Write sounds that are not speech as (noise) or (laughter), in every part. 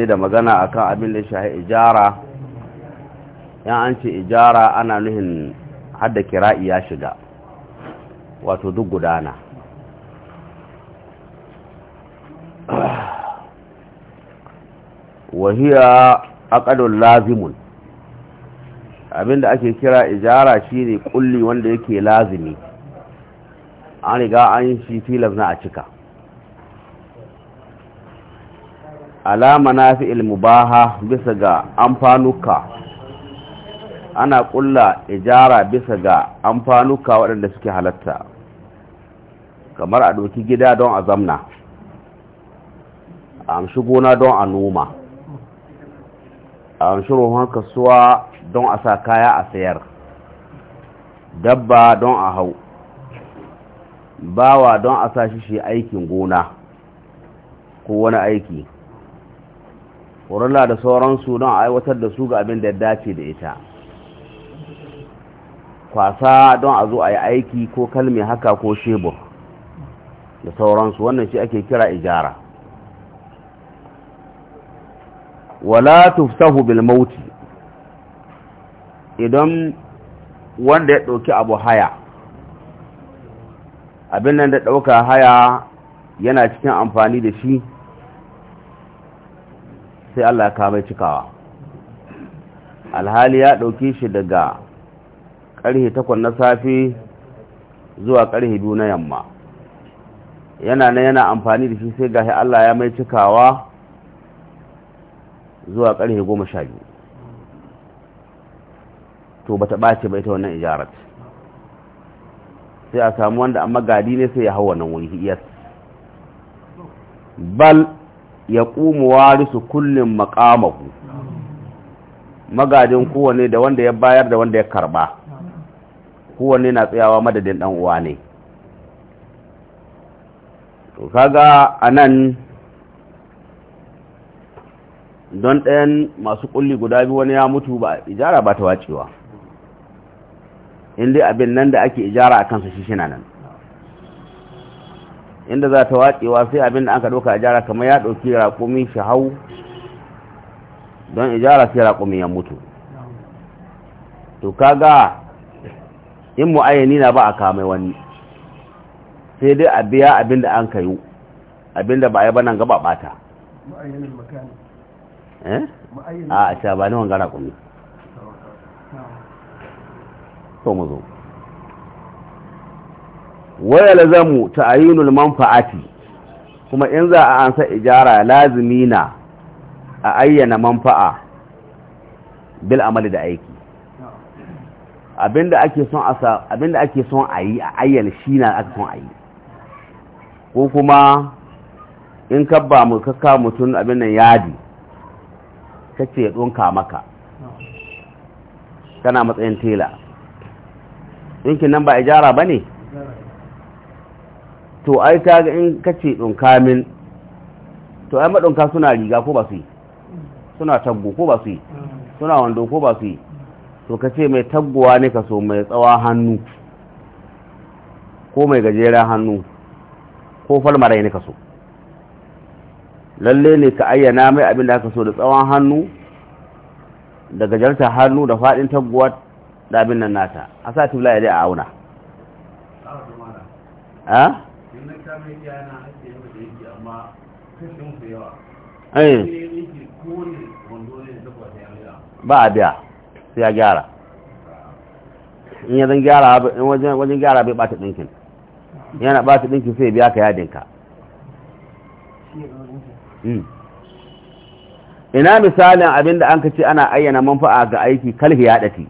ne da magana akan abin da shahi ijara yan an ce ijara ana nuhin hadda kira'i ya shiga wato duk gudana wahiya akadun lazimun abin da ake kira ijara shine kulli wanda yake lazimi an riga an shi filas na a cika alama na fi ilmubaha bisa ga amfanuka ana kulla ijara bisa ga amfanuka waɗanda suke halatta kamar a ɗauki gida don a zamna a amshi gona don a noma a amshi ruhun kasuwa don a sa kaya a sayar dabba don a hau bawa don a sa shi shi aikin gona ko wani aiki ƙurula da sauransu don a aiwatar da su ga abin da ya dace da ita kwasa don a zo a yi aiki ko kalmi haka ko shebur da sauransu wannan shi ake kira ijara wala tuftahu bil mauti idan wanda ya ɗauki abu haya abin nan da ɗauka haya yana cikin amfani da shi sai Allah ya kama cikawa alhali ya ɗauki shi daga ƙarhe takwas na safe zuwa ƙarhe biyu na yamma yana na yana amfani da shi sai ga gashi Allah ya mai cikawa zuwa ƙarhe goma sha biyu to ba ta ɓace ba ita wannan ijarat sai a samu wanda amma gadi ne sai ya hau wannan wuri iyas bal ya ƙumu warisu kullum makamaku magajin kowane da wanda ya bayar da wanda ya karba kowane na tsayawa madadin dan uwa ne to kaga anan don ɗayan masu ƙulli guda biyu wani ya mutu ba ijara ba ta wacewa in abin nan da ake ijara a kansa shi shi nan inda za ta waƙewa sai abin da an ka ɗauka ijara kamar ya ɗauki raƙumi shi hau don ijara sai raƙumi ya mutu to kaga in mu'ayyani na ba a kamai wani sai dai a biya abin da an kayu abin da ba a yi ba nan gaba ɓata eh? a a ba ni wangara ƙumi to mu zo waya ta ta'ayinul manfa'ati kuma in za a ansa ijara lazimi na a ayyana manfa'a bil amali da aiki abinda ake son a ake son a yi a ayyana shi na aka son a yi ko kuma in ka ba mu kakka mutum abin nan yadi kace ya ɗunka maka kana matsayin tela ɗinkin nan ba ijara ba ne to ai ta ga in kace ɗunka min to ai maɗunka suna riga ko ba su yi suna taggo ko ba su yi suna wando ko ba su yi to ka ce mai taggowa ne ka so mai tsawa hannu ko mai gajeren hannu ko falmarai ne ka so lalle ne ka ayyana mai abin da ka so da tsawon hannu da gajarta hannu da faɗin taggowa da abin nan nata a sa tibla ya dai a auna Eh. ba a biya sai ya gyara in yanzu gyara wajen gyara bai bata ɗinkin yana bata ɗinkin sai biya ka yadinka hmm. ina misalin abinda an ka ce ana ayyana manfa'a ga aiki kalhi ya ɗafi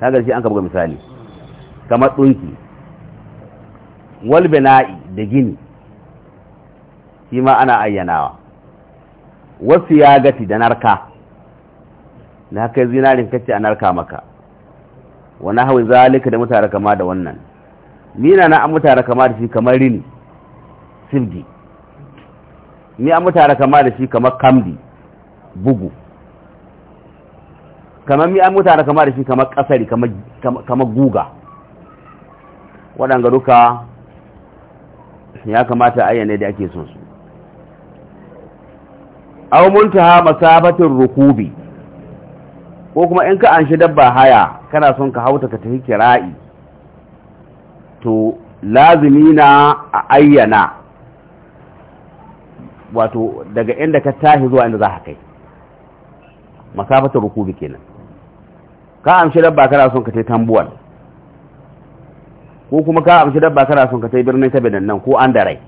ta shi an ka buga misali kamar ɗunki walbina'i da gini shi ma ana ayyanawa wasu ya gati da narka na haka zinarin kacce a narka maka wani hawi zalika da mutare kama da wannan nina na an mutare kama da shi kamar rini sirgi ni an mutare kama da shi kamar kamdi bugu kamar mi an mutane kama da shi kamar kasari kamar guga waɗanga duka ya kamata ayyana da ake son su aw muntaha masabatin rukubi ko kuma in ka anshi dabba haya kana son ka hauta ka tafi kira'i to lazimi na a ayyana wato daga inda ka tashi zuwa inda za ka kai masabatin rukubi kenan ka anshi dabba kana son ka tafi tambuwan. ko kuma ka amshi dabba kana son ka tai birnin bidan nan ko an da rai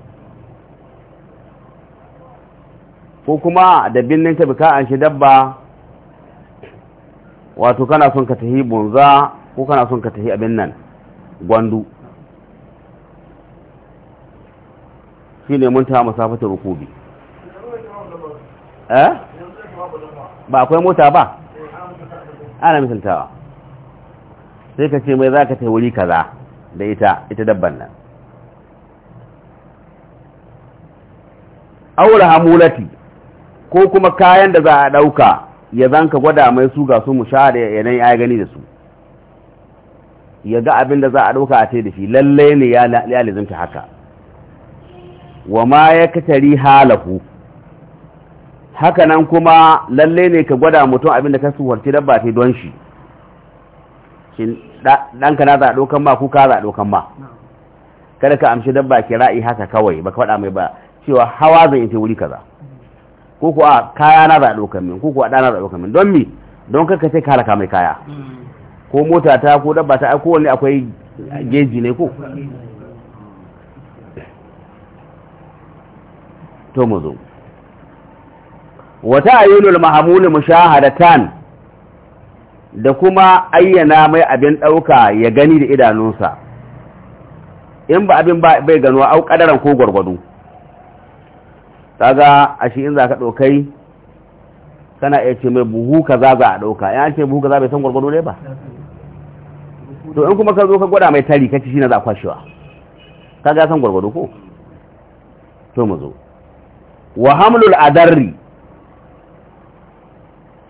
ko kuma da birnin kabi ka amshi dabba wato kana son ka tahi bunza ko kana son ka tahi abin nan gwandu shi ne mun tawa masafatar rukubi eh ba akwai mota ba ana misaltawa sai ka ce mai za ka tahi wuri kaza da ita ita dabban nan aula hamulati ko kuma kayan da za a ɗauka ya zanka gwada mai su ga su mushahada yanayi ya gani da su ya ga abin da za a ɗauka a tai da shi lalle ne ya lizinta haka wa ma ya katari halahu haka nan kuma lalle ne ka gwada mutum abin da ka suwarci dabba ta don shi shin ɗanka na zaɗo kan ma kuka zaɗo kan ma kada ka amshi dabba ra'i haka kawai baka faɗa mai ba cewa hawa zan yi wuri kaza ko ko a kaya na zaɗo kan min ko ko a ɗana zaɗo kan min don mi don kar ka sai ka halaka mai kaya ko mota ta ko dabba ta ko wani akwai geji ne ko to mu zo wata ayyulul mahamul mushahadatan da kuma ayyana mai abin ɗauka ya gani da idanunsa in ba abin bai ganuwa au ƙadaran ko gwargwado kaga a shi in za ka ɗaukai kana iya ce mai buhu ka za za a ɗauka ya an ce buhu ka za bai san gwargwado ne ba to in kuma ka zo ka gwada mai tari kaci shi na za a kwashewa kaga san gwargwado ko to mu zo wa hamlul adarri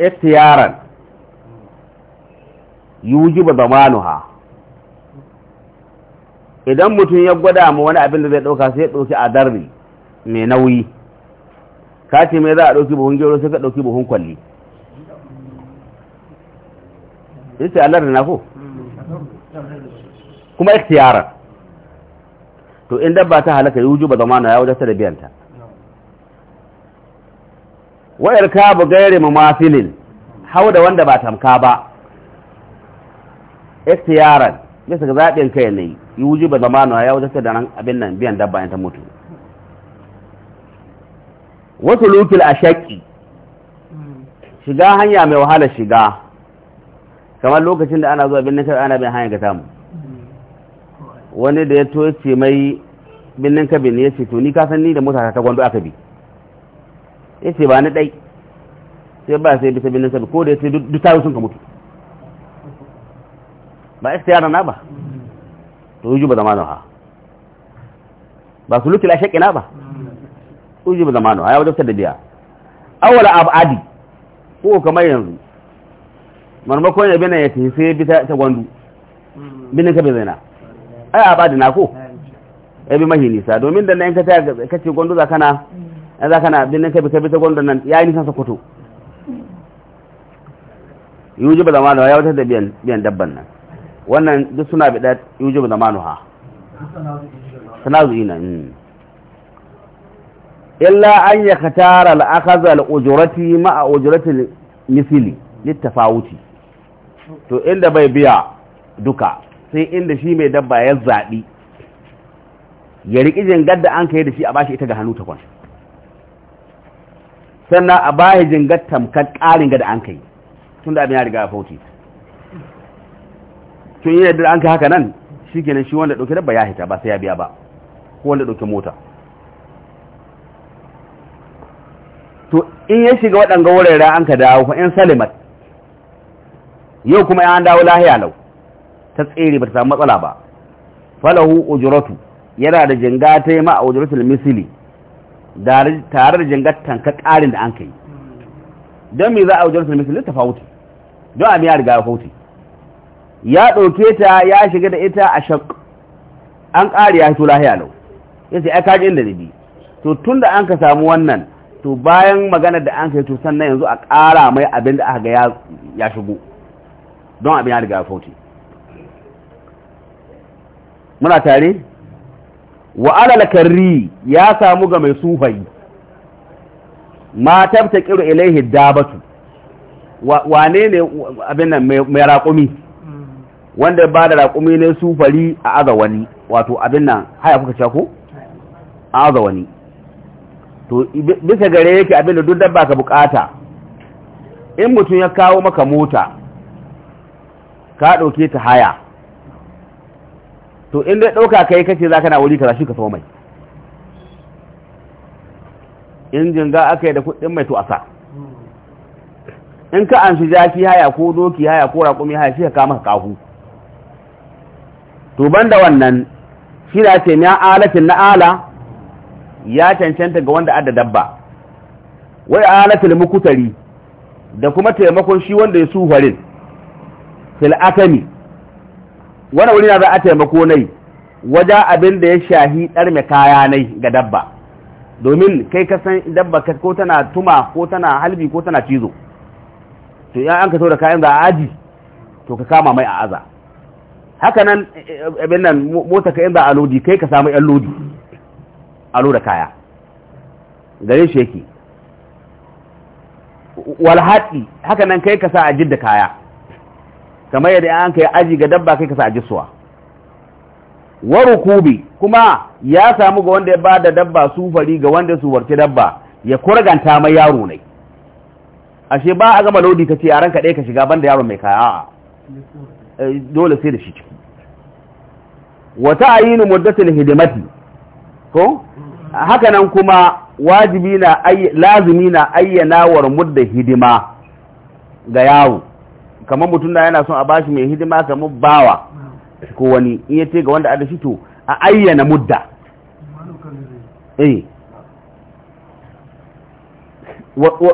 ikhtiyaran zamanu zamanuha idan mutum ya gwada mu wani abin da zai dauka sai ya dauki darbi mai nauyi ka ce mai za a dauki buhun gero sai ka dauki buhun kwalli ita Allah na ko kuma ikhtiyara to in dabba ta halaka ba zamanu ya wajata da biyanta wa'irka bu gairi mumafilin hau da wanda ba tamka ba ikhtiyaran bisa ga zaɓin kai ne yi wuji ba zamanu ya wajen da abin nan biyan dabba ta mutu wasu lukil a shaƙi shiga hanya mai wahala shiga kamar lokacin da ana zuwa birnin kai ana bin hanya ga mu wani da ya to ce mai birnin kabi ne ya ce to ni ka san ni da mota ta gwando aka bi ya ce ba ni ɗai sai ba sai bisa birnin kabi ko da ya ce duk tayo sun ka mutu ba istiyara na ba to yuju ba zamanu ha ba su lukila la shakki na ba yuju ba zamanu ha ya wadatar da biya awwala abadi ko kamar yanzu marmakon ya bina ya tafi sai bi ta gwandu binin ka bai zaina ai abadi na ko ya bi mahi nisa domin da nan ka ta kace gwandu za kana za kana binin ka bi bi ta gwandu nan ya yi nisan sakoto yuji ba zamanu ya wadatar da biyan dabban nan wannan duk suna bida yujubu da manuha sanazu'ina mm. illa an ya katara al'akazar ujurati ma'a ujuratin misili littafawuti to inda bai biya duka sai inda shi mai dabba ya zaɓi ya riƙi jingar da an kai da shi a bashi ita ga hannu takwas sannan a bashi jingar tamkar ƙarin ga da an kai tun da abin ya riga ya fauci tun yi yadda an ka haka nan shi kenan shi wanda ɗauke dabba ya hita ba sai ya biya ba ko wanda ɗauke mota to in ya shiga waɗanga wurare an ka dawo fa in salimat yau kuma an dawo lahiya lau ta tsere ba ta samu matsala ba falahu ujuratu yana da jinga ta yi ma a ujratul misili tare da jingar tanka ƙarin da an kai don me za a ujratul misli tafawuti don a ya riga ya fauti ya ɗauke ta ya shiga da ita a shak an ƙari ya hito lahiya lau ya ce ai kaji inda zabi to tun da an ka samu wannan to bayan magana da an kai tusan sannan yanzu a ƙara mai abin da aka ga ya shigo don abin ya riga ya fauce. muna tare wa alal karri ya samu ga mai sufai ma tabta kiru ilaihi dabatu wane ne abin nan mai raƙumi wanda ba da raƙumi ne su fari a aza wani wato abin nan haya kuka ce ko a aza wani to bisa gare yake abin da duk dabba ka bukata in mutum ya kawo maka mota ka ɗauke ta haya to in dai ɗauka ka yi kace za ka na wuri ka shi ka mai injin ga aka yi da kuɗin mai to a sa in ka an shi jaki haya ko doki haya ko raƙumi haya shi ka kama ka kahu to da wannan shi na ce na alatin na ala ya cancanta ga wanda adda dabba wai alatul mukutari da kuma taimakon shi wanda ya sufarin fil akami wani wuri na za a taimako nai wajen abin da ya shahi ɗarme kaya nai ga dabba domin kai ka san dabba ko tana tuma ko tana halbi ko tana cizo to ya an ka da kayan za a aji to ka kama mai a aza haka nan eh, eh, abin nan mota ka in ba a lodi kai ka samu yan lodi a loda kaya gare shi yake walhaɗi haka nan kai ka sa a jidda kaya kamar yadda an kai aji ga dabba kai ka sa a jisuwa kubi kuma ya samu ga wanda ya ba da dabba sufari ga wanda su warce dabba ya kurganta mai yaro ne ashe ba a gama lodi ka ce a ranka ɗaya ka shiga banda yaro mai kaya a'a eh, dole sai da shi ciki wa ta'yinu muddatil hidimati ko haka nan kuma wajibi na lazimi na ayyana war mudda hidima ga yawo kamar mutum da yana son a bashi mai hidima kamar bawa ko wani iya ce ga wanda a da shi to a ayyana mudda eh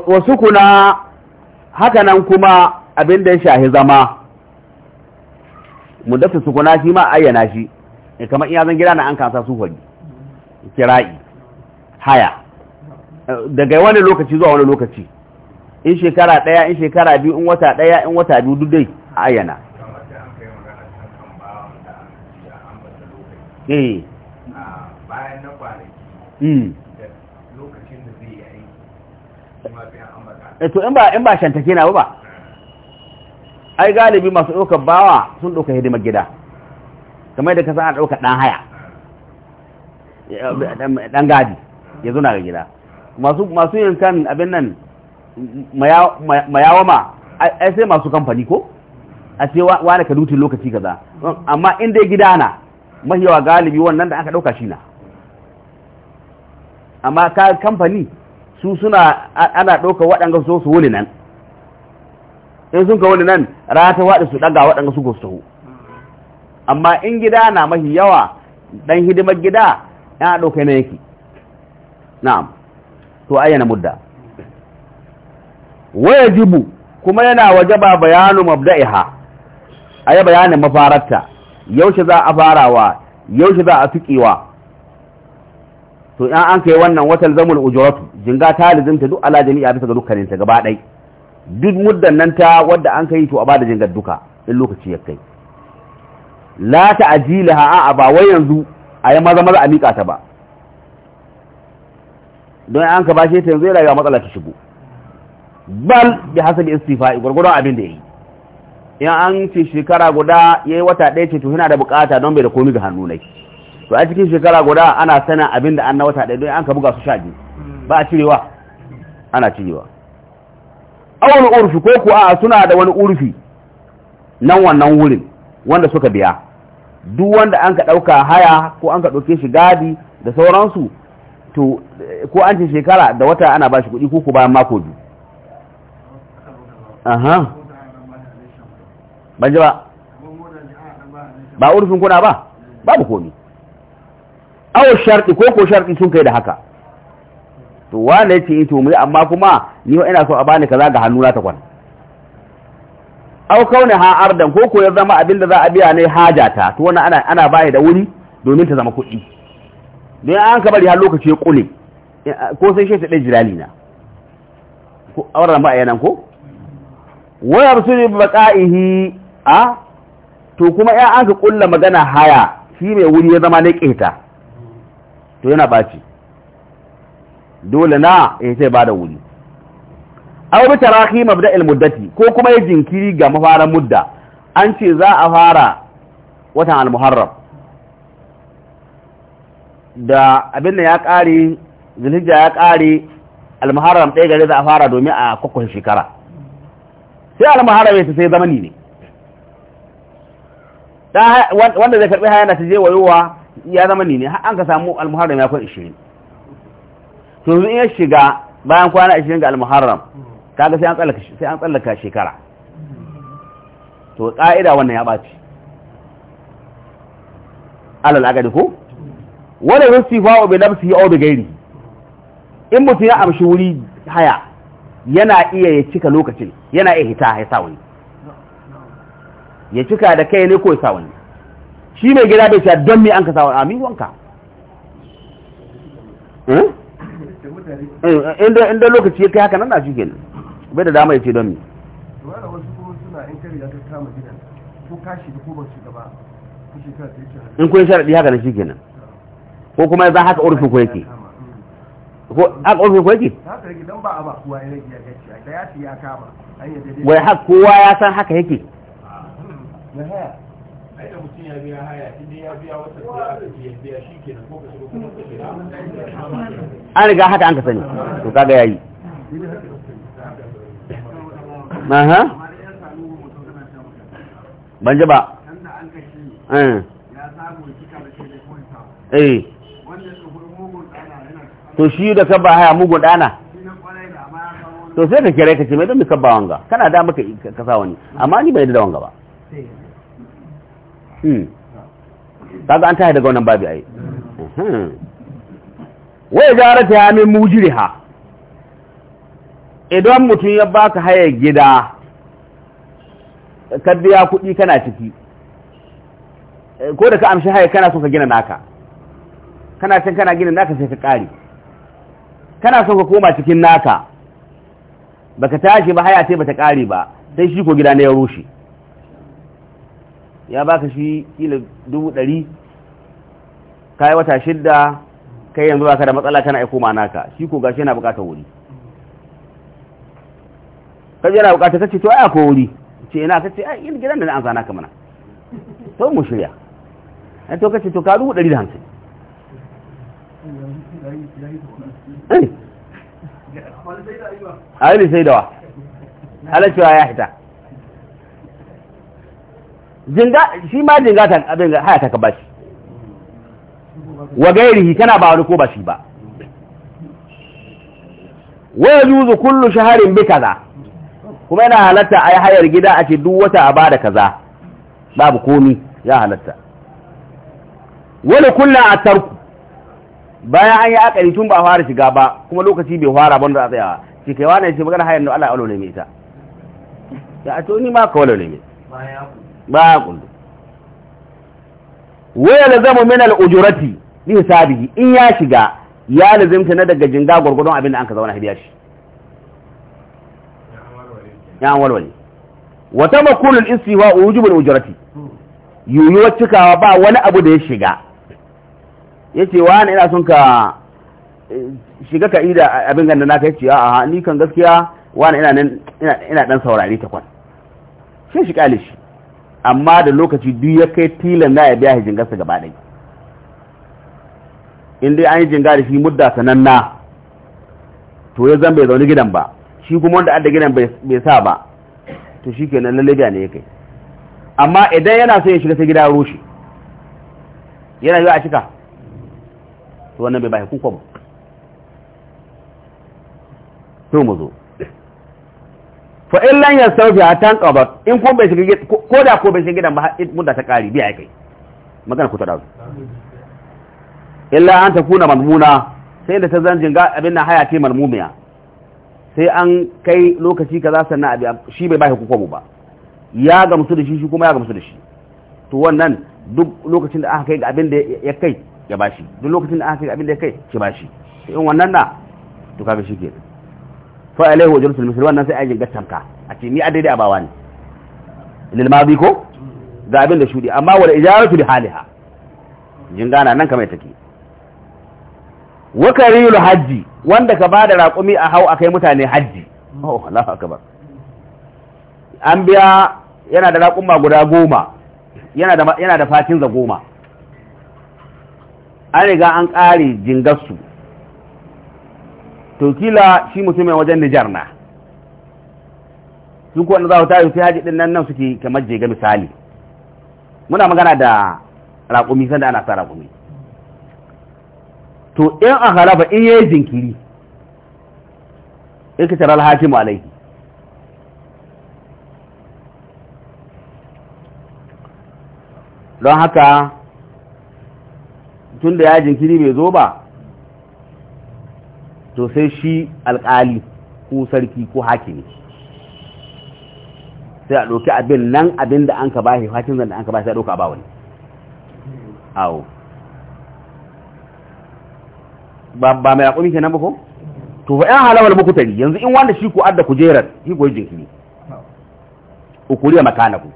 wasu kuna haka nan kuma abin da ya shahi zama muddatu sukuna shi ma ayyana shi kamar iya zan gida na an kasa su fari kira'i haya daga wani lokaci zuwa wani lokaci in shekara ɗaya in shekara biyu in wata ɗaya in wata biyu duk dai a ayyana eh bayan na zai yi to in ba in ba shantake na ba ai galibi masu ɗaukar bawa sun ɗauka hidimar gida kamar da kasa a ɗauka ɗan haya ɗan gadi ya zuna ga gida masu yankan abin nan mayawama ai sai masu kamfani ko a ce wani ka dutin lokaci kaza amma inda gida na mahiyawa galibi wannan da aka ɗauka shi na amma ka kamfani su suna ana ɗauka waɗanga so su wuli nan in sun ka wuli nan rata waɗa su ɗaga waɗanga su ko su taho amma in gida na mahi yawa dan hidimar gida ya ɗauka na yake na'am to ayyana mudda jibu kuma yana waje ba bayanu mabda'iha ayi bayanin mafararta yaushe za a farawa yaushe za a tukewa to in an kai wannan watan zamul ujuratu jinga ta duk ala jami'a bisa ga dukkanin ta gaba dai duk muddan nan ta wadda an kai to a bada jingar duka in lokaci ya kai la ta'jilaha a ba wai yanzu a yi maza maza a miƙa ta ba don an ka bashe ta yanzu ya rayuwa matsala ta shigo bal bi hasabi istifa'i gurgurun abin da yi in an ce shekara guda yayi wata ɗaya ce to yana da bukata don bai da komi ga hannu nai to a cikin shekara guda ana sana abin da an na wata ɗaya don an ka buga su sha biyu ba a cirewa ana cirewa awon urfi ko kuwa suna da wani urfi nan wannan wurin wanda suka biya duk wanda an ka ɗauka haya ko an ka ɗauke shi gadi da sauransu to ko an ce shekara da wata ana ba shi kuɗi ko ku bayan mako biyu aha ban ji ba ba urufin kuna ba babu komi awo sharɗi ko ko sharɗi sun kai da haka to wane ce eh, to mu amma kuma ni ina so a bani kaza ga hannuna ta kwana au kauna ha ardan ko ko ya zama abin da za a biya ne hajata to wannan ana ana bayi da wuri domin ta zama kuɗi don an ka bari har lokaci ya kule ko sai shi ta dai jirali na ko auren ba yana ko wa yabsuri baqaihi a to kuma ya an ka kulla magana haya shi mai wuri ya zama ne keta to yana baci dole na ya eh, ce ba da wuri aw bi tarahi mabda al muddati ko kuma ya jinkiri ga mafaran mudda an ce za a fara watan al muharram da abin da ya kare zulhijja ya kare al muharram ɗaya gare za a fara domin a kwakwashe shekara sai al muharram ya sai zamani ne wanda zai karbi hayana ta je wayowa ya zamani ne an ka samu al muharram ya kwan 20 to in ya shiga bayan kwana 20 ga al muharram kaga sai an tsallaka sai an tsallaka shekara to ka'ida wannan ya baci alal agadi ko wala yusifa bi nafsihi aw bi ghairi in mutum ya amshi wuri haya yana iya ya cika lokacin yana iya hita ya sa wani ya cika da kai ne ko ya sa wani shi mai gida bai ce don me an ka sa wani amin wanka hmm? (laughs) eh, inda lokaci ya kai haka nan na shi kenan bai da dama ya ce don in kun sharaɗi haka na shi kenan ko kuma ya za haka urfin ku yake ko haka urfin ku yake wai haka kowa ya san haka yake an riga haka an ka sani to kaga yayi aha ban ji ba eh. to shi da ka ba haya mugun dana to sai ka kira ka ce mai don ka ba wanga kana da maka ka sa wani amma ni bai da wanga ba hmm. kaga an tahi daga wannan babu ai wai jarata ya min mujriha idan mutum ya baka haya gida ka biya kuɗi kana ciki eh, ko da ka amshi haya kana so ka gina naka kana can kana gina naka sai ka ƙare kana so ka koma cikin naka baka tashi ba haya ce bata ƙare ba sai shi ko gida na ya rushe ya baka shi kila dubu ɗari kayi wata shidda kai yanzu baka da matsala kana aiko ma naka shi ko gashi yana buƙatar wuri ka jira bukata kace to ai ko wuri ce ina kace ai in gidan da na amfana ka mana to mu shirya ai to kace to ka dubu 150 eh. ai ne sai dawa cewa ya hita jinga shi ma jinga ta abin ga haya ta ka bashi wa gairihi kana ba wani ko ba shi ba wa yuzu kullu shaharin bi kaza kuma yana halatta a yi hayar gida a ce duk wata a bada kaza babu komi ya halatta wani kulla a tarku bayan an yi akari tun ba fara shiga ba kuma lokaci bai fara ban da a tsayawa shi kai wani ce magana hayar da Allah ne mai ita ya a toni ma ka walole mai ba ya kullu waya da zama min al'ujurati ni hisabihi in ya shiga ya lazimta na daga jinga gwargwadon abin da an ka zauna hidiya shi ya walwale wa tamakulul istiwa wujubul ujrati yuyu wacikawa ba wani abu da ya shiga yace wa ina son ka eh, shiga ka ida abin ganda naka yace a ni kan gaskiya wa ina nan ina dan saurare ta kwan sai shi kale shi amma da lokaci duk ya kai tilan na ya biya hijin gasa gaba ɗaya in dai an yi jinga da shi mudda sananna to ya zan bai zaune gidan ba shi kuma wanda adda gidan bai sa ba to shi kenan lalabiya ne ya kai amma idan yana so ya shiga sai gida rushe yana yi a cika to wannan bai ba hukunka ba to mu zo fa in lan a hatan ƙaba in ko bai shiga ko da ko bai shiga gidan ba mudda ta ƙari biya kai magana ku ta ɗazu illa an kuna malmuna sai da ta jin ga abin na haya ce malmumiya sai an kai lokaci kaza sannan abi shi bai bai hukumu ba ya gamsu da shi shi kuma ya gamsu da shi to wannan duk lokacin da aka kai ga abin da ya kai ya bashi duk lokacin da aka kai ga abin da ya kai shi bashi in wannan na to kaga shi ke fa alaihi wa jalsul misl wannan sai a yin gattanka a ce ni a daidai ba wani lil madi ko ga abin da shudi amma wal ijaratu li haliha jin gana nan kamar take wa kariyul hajji wanda ka ba da raƙumi a hau a kai mutane hajji oh Allahu akbar an biya yana da raƙuma guda goma yana da yana fatin za goma an riga an ƙare jingarsu to kila shi mutumin wajen Nijar na Sun kuwa na za su yi sai haji nan suke kamar jega misali muna magana da raƙumi sanda ana sa raƙumi to in a halaba in yayi jinkiri in ka tara alhakim alaihi don haka tun da ya jinkiri bai zo ba to sai shi alkali ko sarki ko hakimi sai a ɗauki abin nan abin da an ka bashi hakimin da an ka shi a ɗauka ba wani awo ba mai akwai ke nan ba ko to fa yan halawal mukutari yanzu in wanda shi ku adda kujerar shi ku jinkiri makana ku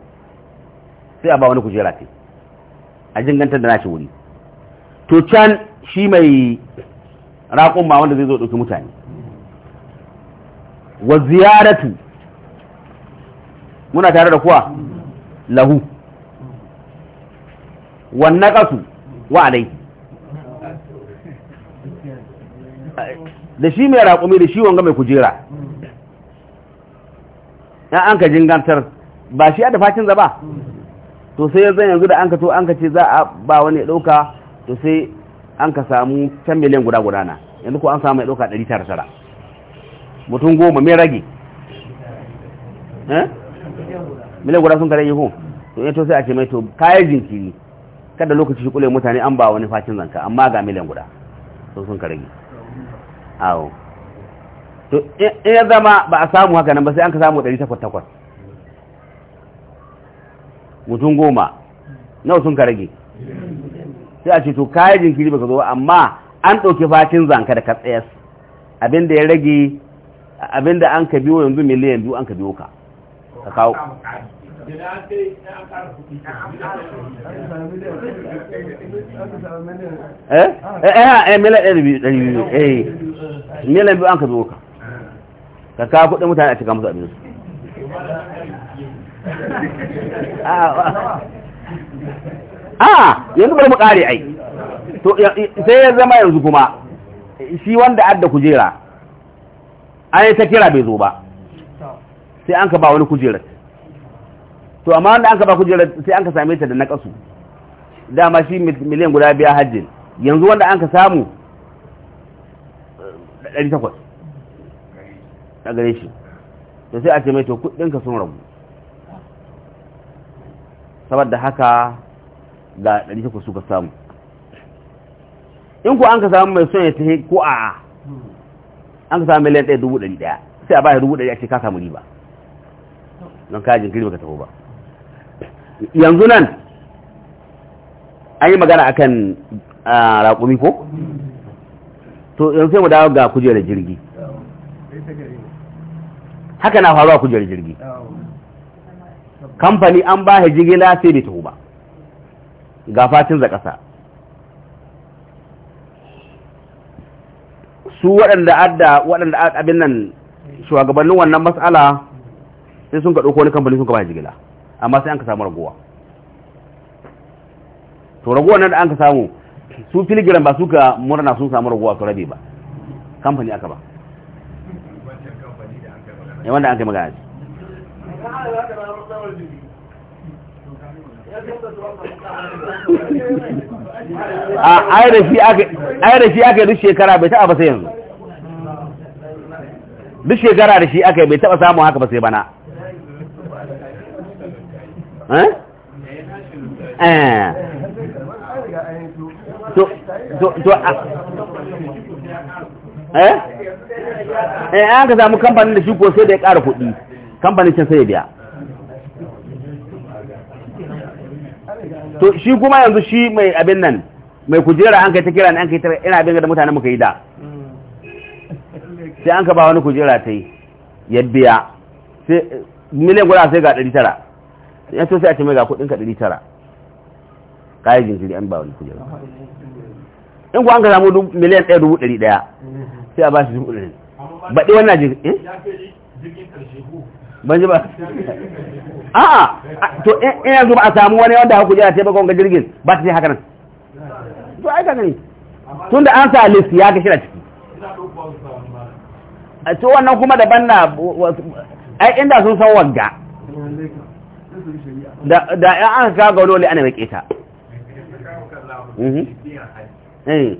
sai a ba wani kujera ce. a jingantar da nashi wuri to can shi mai raƙon ba wanda zai zo ɗauki mutane wa ziyaratu muna tare da kuwa lahu wa naƙasu wa alaihi da shi mai raƙumi da shi wanga mai kujera ya an ka jingantar ba shi da facin zaba to sai yanzu yanzu da an ka to an ka ce za a ba wani ya ɗauka to sai an ka samu can miliyan guda guda na yanzu ko an samu ya ɗauka ɗari tara tara mutum goma mai rage eh? miliyan guda sun ka rage ko to yanzu sai a ce mai to kayan jinkiri kada lokaci shi kule mutane an ba wani facin zanka amma ga miliyan guda sun sun ka rage awo to in ya zama ba a samu haka nan ba sai an ka samu 188 mutum goma nawa sun ka rage sai a ce to kayan jinkiri ba ka zo amma an ɗauki fatin zanka da katsayas abinda ya rage abinda an ka biyo yanzu miliyan biyu an ka biyo ka ka kawo kuɗin mutane a cika musu abinsu ah, ah. ah, yanzu bari mu ai sai ya zama yanzu kuma shi wanda adda kujera an ta kira bai zo ba sai an ka ba wani kujerar to amma wanda an ka ba kujerar sai an ka same ta da nakasu dama shi miliyan guda biya hajjin yanzu wanda an ka samu 800 eh, a gare shi to sai a ce mai to kudinka sun rabu saboda haka ga 800 suka samu in ku an ka samu mai son ya tafi ko a an ka samu miliyan 1,100 sai a ba shi 1,100 a ce ka samu riba don kajin girma ka tafi ba yanzu nan an yi magana akan raƙumi ko to yanzu sai mu dawo ga kujerar jirgi haka na faruwa kujerar jirgi kamfani an ba jirgi jigila sai bai taho ba ga fatin za ƙasa su waɗanda adda waɗanda abin nan shugabannin wannan matsala sai sun ka ɗauko wani kamfani sun ka ba jigila amma sai an ka samu raguwa to raguwa nan da an ka samu su filigiran ba su ka murna sun samu raguwa su rabe ba kamfani aka ba ya eh, wanda an kai magana ce a yi da shi aka yi duk shekara bai taɓa ba sai yanzu duk shekara da shi aka yi bai taɓa samun haka ba sai bana Eh. Ah. Eh? eh an ka samu kamfanin da shi ko sai da ya ƙara kuɗi kamfanin can sai ya biya to shi kuma yanzu shi mai abin nan mai kujera an kai ta kira ne an kai ta ina abin da mutane muka yi da sai an ka ba wani kujera ta yi ya biya miliyan guda sai ga ɗari tara ya to sai a ce mai ga kudin ka 900 kai jinkiri an ba wani kuje in ku an ga samu miliyan 1,100 sai a ba shi dubu ɗari baɗi wannan jirgin eh? ban ji ba a'a to eh, in yanzu ba a samu wani wanda haku jira ta bakon ga jirgin ba su ce haka nan to ai ka gani tun da an sa list ya ga shira ciki to wannan kuma daban na ai inda sun san wagga da ya an ka ga dole ana rike ta da mhm. eh. mm. mm.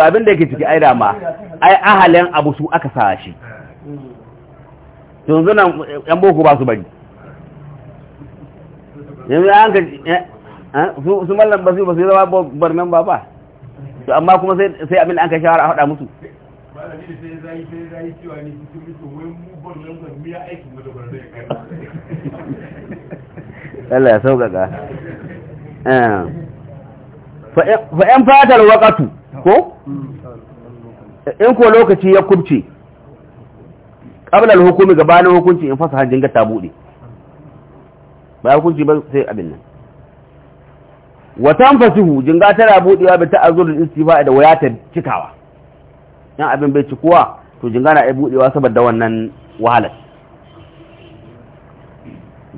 (laughs) abin da yake ciki ai dama ai ahalin abu su aka sa shi yanzu nan yan boko ba su bari yanzu an ka eh, eh, su mallam basu basu zama barnan ba ba to amma kuma sai abin da an kai shawara a faɗa musu Allah ya sauƙaƙa eh. fa'yan fatar waƙatu ko? in ko lokaci ya kubce ƙablar hukumi gabanin hukunci in fasa hajjin gata buɗe ba hukunci ba sai abin nan wa fasihu jinga tana budewa bi ta'azzurul istifa da wayata cikawa dan abin bai cikuwa to jinga na budewa saboda wannan wahala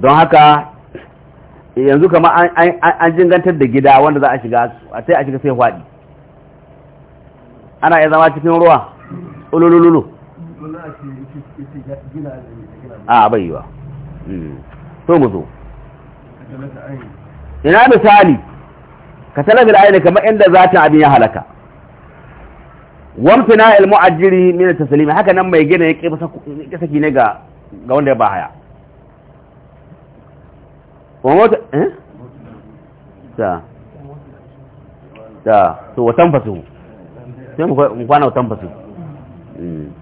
don haka yanzu kama an jingantar da gida wanda za a shiga a sai a shiga sai fadi ana iya zama cikin ruwa ululululu a bai yiwa hmm. to mu zo ina misali ka da aini kamar inda zatin abin ya halaka wamfina al mu'ajjiri min taslim haka nan mai gina ya ƙi saki ne ga ga wanda ya ba haya kuma mota eh ta ta to watan fasu sai mu kwana watan fasu hmm.